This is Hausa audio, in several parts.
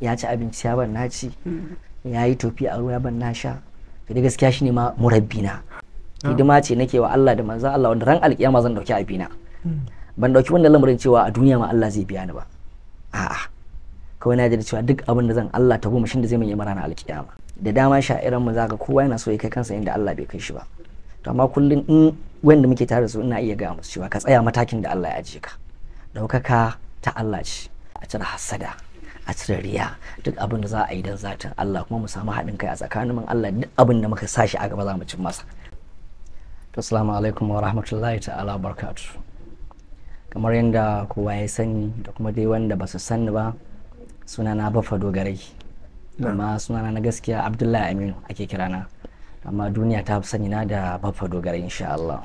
ya ci abinci ya ban na ci mm. ya yi tofi a ruwa ban na sha to da gaskiya shine ma murabbi na ah. hidima ce nake wa Allah da manzon Allah wanda ran alkiyama zan dauki abina mm. ban dauki wanda lamarin cewa a duniya ma Allah zai biya ni ba a'a kawai na da cewa duk abin da zan Allah ta goma shi da zai mun yi marana alkiyama da dama sha'iran mu zaka kowa yana so ya kai kansa inda Allah bai kai shi ba to amma kullun in wanda muke tare da su ina iya ga musu cewa ka tsaya matakin da Allah ya ajiye ka daukaka ta Allah ce a cire hasada a cire riya duk abin da za a yi don zatin Allah kuma mu samu haɗin kai a tsakanin mun Allah duk abin da muka sashi a gaba za mu cin masa to assalamu alaikum wa rahmatullahi ta'ala barakatuh kamar yadda kowa ya sani da kuma dai wanda ba su sani ba suna na bafa dogarai amma sunana na gaskiya abdullahi aminu ake kirana amma duniya ta fi sani na da bafa dogarai insha Allah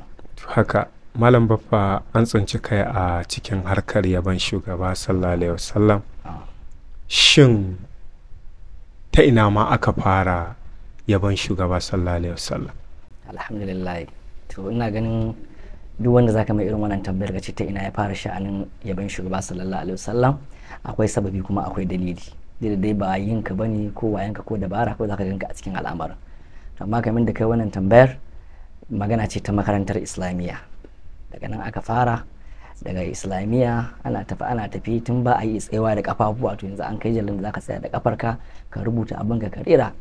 haka malam bafa an tsinci kai a cikin harkar yaban shugaba sallallahu alaihi wasallam ah. shin ta ina ma aka fara yaban shugaba sallallahu alaihi wasallam alhamdulillah to ina ganin duk wanda zaka mai irin wannan tambayar ce ta ina ya fara sha'anin yaban shugaba sallallahu alaihi wasallam akwai sababi kuma akwai dalili da dai ba yinka bane ko ka ko dabara ko zaka ganka a cikin al'amarin amma kamin da kai wannan tambayar magana ce ta makarantar islamiyya daga nan aka fara daga islamiyya ana tafi ana tafi tun ba a yi tsayawa da kafafuwa to yanzu an kai jalin da zaka tsaya da kafarka ka rubuta abin ka karira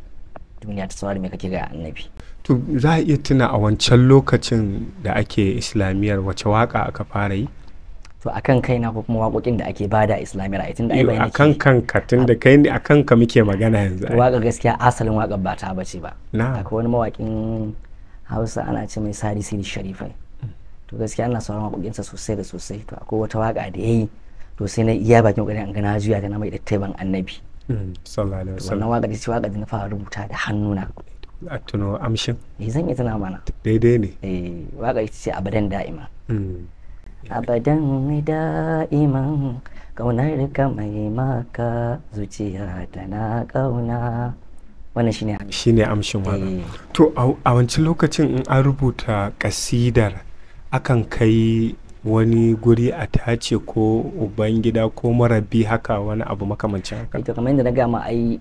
duniya ta saurari me kake ga annabi to za a iya tuna a wancan lokacin da ake islamiyyar wace waka aka fara yi to akan kaina ko kuma waƙoƙin da ake bada islamiyyar a tunda ai bayani akan kanka tunda kai ne akan ka muke magana yanzu waka gaskiya asalin waka ba ta bace ba akwai wani mawaƙin Hausa ana ce mai sari siri sharifai to gaskiya ana sauraron waƙoƙinsa sosai da sosai to akwai wata waƙa da yayi to sai na iya bakin ƙoƙarin an gana juya ta na mai dattaiban annabi mm, sallallahu alaihi wasallam wannan waƙa ce waƙa da na fara rubuta da hannuna a tuno amshin eh zan yi tana mana daidai ne eh waƙa ita ce abadan da'ima mm. abadan da'iman kaunar ka mai maka zuciya tana kauna wannan shine shine amshin waƙa eh. to a wancan lokacin in an rubuta kasidar akan kai wani guri a tace ko ubangida ko marabi haka wani abu makamancin haka to kamar yadda na gama ai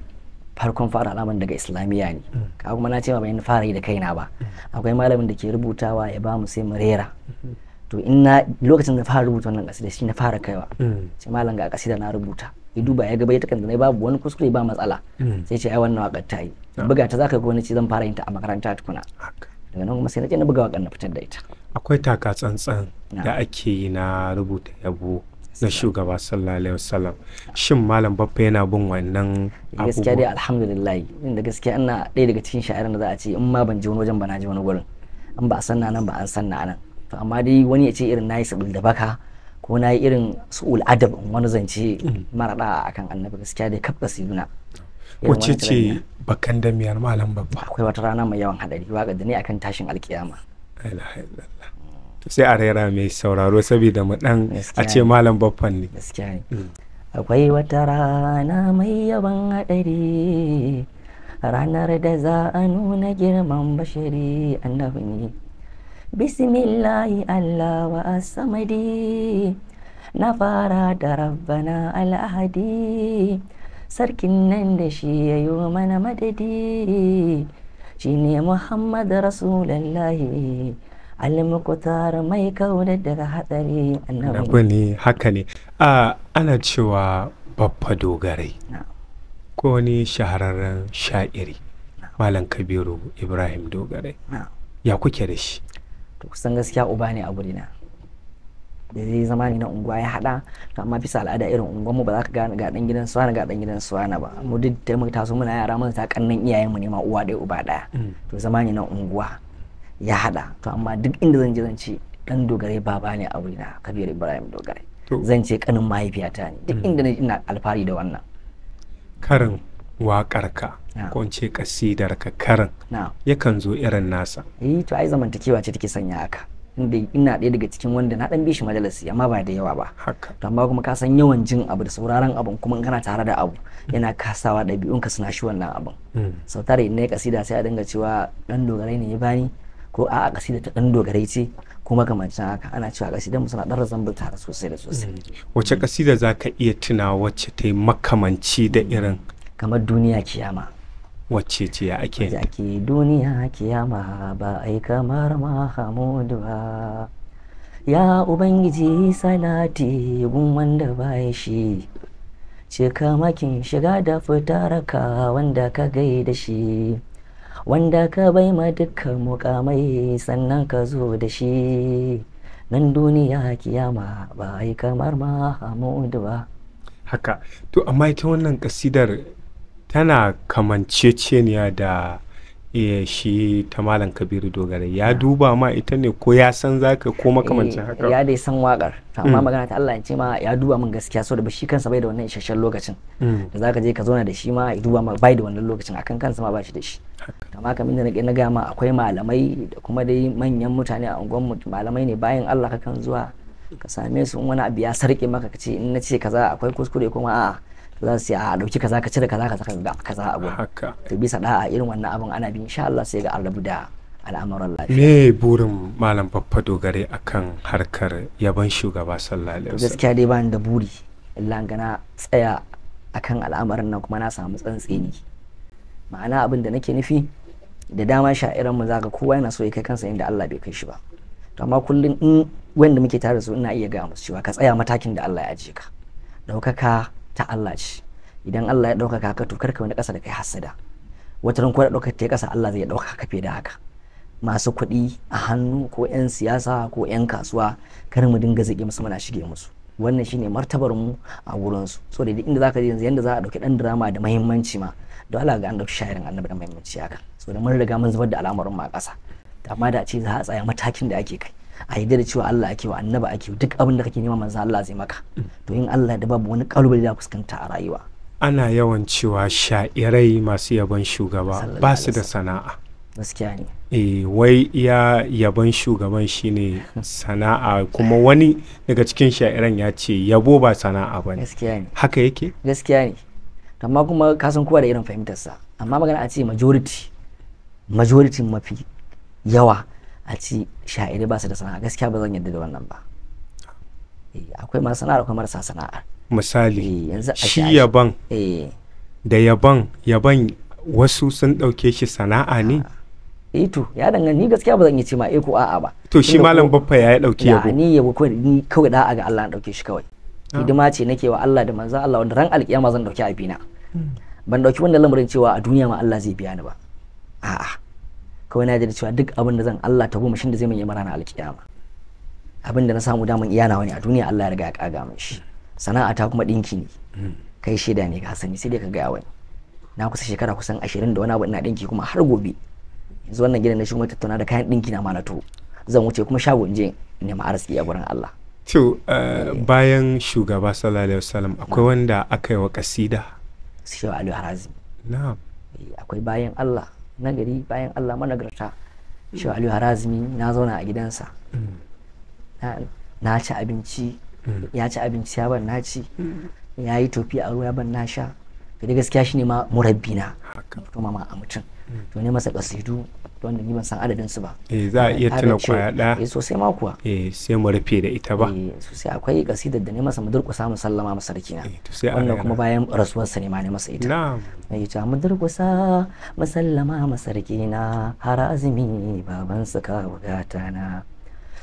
farkon fara alaman daga islamiyya ne mm. ka kuma na ce ba bayan fara yi da kaina ba mm. akwai malamin da ke rubutawa ya ba mu sai mu rera mm-hmm. to in na lokacin da fara rubuta wannan kasida shi na fara kaiwa mm. sai malam ga kasida na rubuta ya duba ya gaba ya takan da babu wani kuskure ba matsala sai ce ai wannan wakar ta yi ah. buga ta zaka ga wani ce zan fara yin ta a makaranta tukuna daga nan kuma sai na na buga wakan na fitar da ita akwai taka tsantsan da ake yi na rubuta yabo na shugaba sallallahu alaihi wasallam shin malam baffa yana bin wannan gaskiya dai alhamdulillah inda gaskiya ina ɗaya daga cikin sha'irin da za a ce in ma ban je wani wajen ba na je wani gurin in ba a na nan ba an san na nan to amma dai wani ya ce irin nayi sabul da baka ko nayi irin su'ul adab wani zance mm. mara da'a akan annabi gaskiya dai kabbas yuna wacce ce bakan da miyar malam babba akwai wata rana mai yawan hadari waka da ne akan tashin alkiyama sai a rera mai sauraro saboda mu dan a ce malam babban ne mm. akwai wata rana mai yawan hadari ranar da za a nuna girman bashiri annabi ne bismillahi allah wa asamadi na fara da rabbana al'ahadi sarkin nan da shi ya yi mana madadi shi ne muhammad rasulallah almukutar mai kauna daga hatsari annabi ne haka ne ana cewa babba dogarai ko ni shahararren sha'iri malam kabiru ibrahim dogare ya kuke da shi to kusan gaskiya uba ne a gurina da zai zama ne na unguwa ya hada amma bisa al'ada irin unguwa mu ba za ka gane ga dan gidan suwana ga dan gidan suwana ba mu duk da mu taso muna yara mun ta kannan iyayen mu ne ma uwa ɗaya uba ɗaya to zama ne na unguwa ya hada to amma duk inda zan je zan ce dan dogare baba ne a wurina kabir ibrahim dogare zan ce kanin mahaifiyata ne duk inda na ina alfahari da wannan karin waƙarka ko ce kasidarka karin yakan zo irin nasa eh to ai zamantakewa ce take sanya haka inda ina ɗaya daga cikin wanda na ɗan bishi majalisi amma ba da yawa ba to amma kuma ka san yawan jin abu da sauraron abun kuma in kana tare da abu yana kasawa ka suna shi wannan abun hmm. sau tare na kasida sai a dinga cewa ɗan dogarai ne ya bani ko a'a kasida ta ɗan dogarai ce ko kamar haka ana cewa kasidan suna ɗan razambar tare sosai da sosai hmm. wace kasida za ka iya tuna wacce ta yi makamanci da irin kamar duniya kiyama wacce ce ya ake yi duniya kiyama ba ai kamar mahamudu ba ya ubangiji salati gun wanda ba shi cika makin shiga da fitaraka wanda ka gaida shi wanda ka bai ma dukkan mukamai sannan ka zo da shi nan duniya kiyama ba ai kamar mahamudu ba haka to amma ita wannan kasidar tana kamanceceniya da iya eh, shi ta malam kabiru dogara ya ah. duba ma ita ne ko ya san zaka ko makamancin haka eh, ya dai san wakar amma mm. magana ta Allah ce ma ya duba min gaskiya so da ba shi kansa bai da wannan isasshen lokacin mm. da zaka je ka zauna da shi ma ya duba ma bai da wannan lokacin akan kansa ma ba shi da shi amma kamar da nake na ga ma akwai malamai da kuma dai manyan mutane a unguwar malamai ne bayan Allah ka kan zuwa ka same su in wani abu ya sarke maka ka ce in na ce kaza akwai kuskure kuma a'a za su yi a ah, dauki kaza ka cire kaza ka saka ga kaza a gurin to bisa da a irin wannan abin ana bi insha Allah sai ga allah da al'amuran lafiya me burin malam babba dogare akan harkar yaban shugaba sallallahu alaihi wasallam gaskiya dai bani da buri illa gana tsaya akan al'amarin nan kuma na samu tsantseni ma'ana abin da nake nufi da dama sha'iran mu zaka kowa yana so ya kai kansa inda Allah bai kai shi ba to amma kullum in wanda muke tare da su ina iya ga musu cewa ka tsaya matakin da Allah ya ajiye ka daukaka ta Allah ce idan Allah ya ɗaukaka ka to karka wani ƙasa da kai hasada wata ran ko da ta ƙasa Allah zai ɗaukaka ka fiye da haka masu kuɗi a hannu ko 'yan siyasa ko 'yan kasuwa kar mu dinga zage musu muna shige musu wannan shine martabar mu a gurin su so da inda zaka je yanzu yanda za a dauki dan drama da muhimmanci ma da Allah ga an dauki shayarin annabi da muhimmanci haka so da mun riga mun zubar da al'amarin mu a ƙasa amma da a ce za a tsaya matakin da ake kai a yadda da cewa Allah ake wa annaba ake duk abin da kake nema manzo Allah zai maka to in Allah da babu wani kalubale da fuskanta a rayuwa ana yawan cewa sha'irai masu yabon shugaba ba su da sana'a gaskiya ne eh wai ya yabon shugaban shine sana'a kuma wani daga cikin sha'iran ya ce yabo ba sana'a ba ne gaskiya ne haka yake gaskiya ne amma kuma kasan kowa da irin fahimtarsa amma magana a ce majority majority mafi yawa a ci sha'irai ba su da sana'a gaskiya ba zan yadda da wannan ba eh, akwai masu sana'ar akwai marasa sana'a. misali eh, shi yaban eh. da yaban yaban wasu sun ɗauke shi sana'a ne ah. eh to ya dangane ni gaskiya ba zan yi ce ma eh ko a'a ba to shi malam baffa ya ɗauki yabo ya ni yabo kawai ni kawai da'a ga Allah na ɗauke shi kawai ah. hidima ce nake wa Allah da manzo Allah wanda ran alƙiyama zan ɗauki abina hmm. ban ɗauki wanda lamarin cewa a duniya ma Allah zai biya ni ba a'a kawai na da cewa duk abin da zan Allah ta goma shin da zai mun yi na alkiyama abin da na samu daman iya wani a duniya Allah ya riga ya kaga mun shi sana'a ta kuma dinki ne kai shaida ne ka sani sai dai ka ga wani na kusa shekara kusan 20 da wani abu ina dinki kuma har gobe yanzu wannan gidan na shi kuma tattauna da kayan dinki na malato zan wuce kuma shago in je nema arziki a gurin Allah to eh, eh. bayan shugaba sallallahu alaihi wasallam akwai wanda aka yi wa kasida wa Ali Harazi na'am eh, akwai bayan Allah nagari bayan Allah managarta shi Aliyu Harazmi na zauna a gidansa na ci abinci mm. ya ci abinci ya ban na ci mm. ya yi tofi a ruwa ban na sha to gaskiya gaskiya shine ma murabbi na to mama a mutum to ne masa kasidu wanda ni ban san adadin su ba eh za a iya tuna kwaya da eh sosai ma kuwa eh sai mu rufe da ita ba eh sosai akwai kasidar da ne masa mu musallama mu sallama eh, wannan kuma bayan rasuwar sa ne ma ne masa ita na'am eh ta mu musallama mu sallama masa sarkina har azumi baban suka wagata na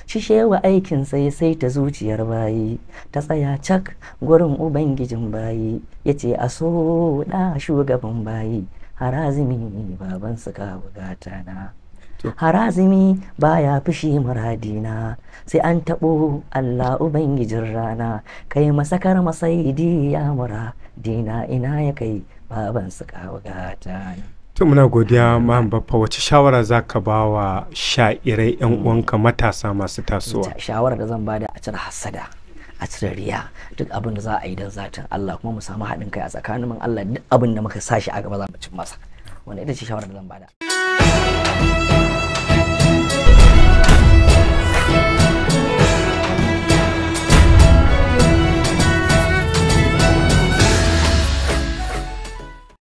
shi shewa aikin sai sai ta zuciyar bayi ta tsaya cak gurin ubangijin bayi ya ce a so da shugaban bayi harazimi baban su ka bugata na harazimi baya fushi muradina sai an taɓo allah ubangijin rana kai masakar masaidi ya muradina ina ya kai baban su ka bugata na to muna godiya mahan baffa wace shawara za ka ba wa sha'irai yan uwanka matasa masu tasowa shawara da zan bada a cire hasada a cire riya duk abin da za a yi don zatin Allah kuma mu samu haɗin kai a tsakanin Allah duk abin da muka sashi a gaba za mu cin masa wanda ita ce shawara da zan bada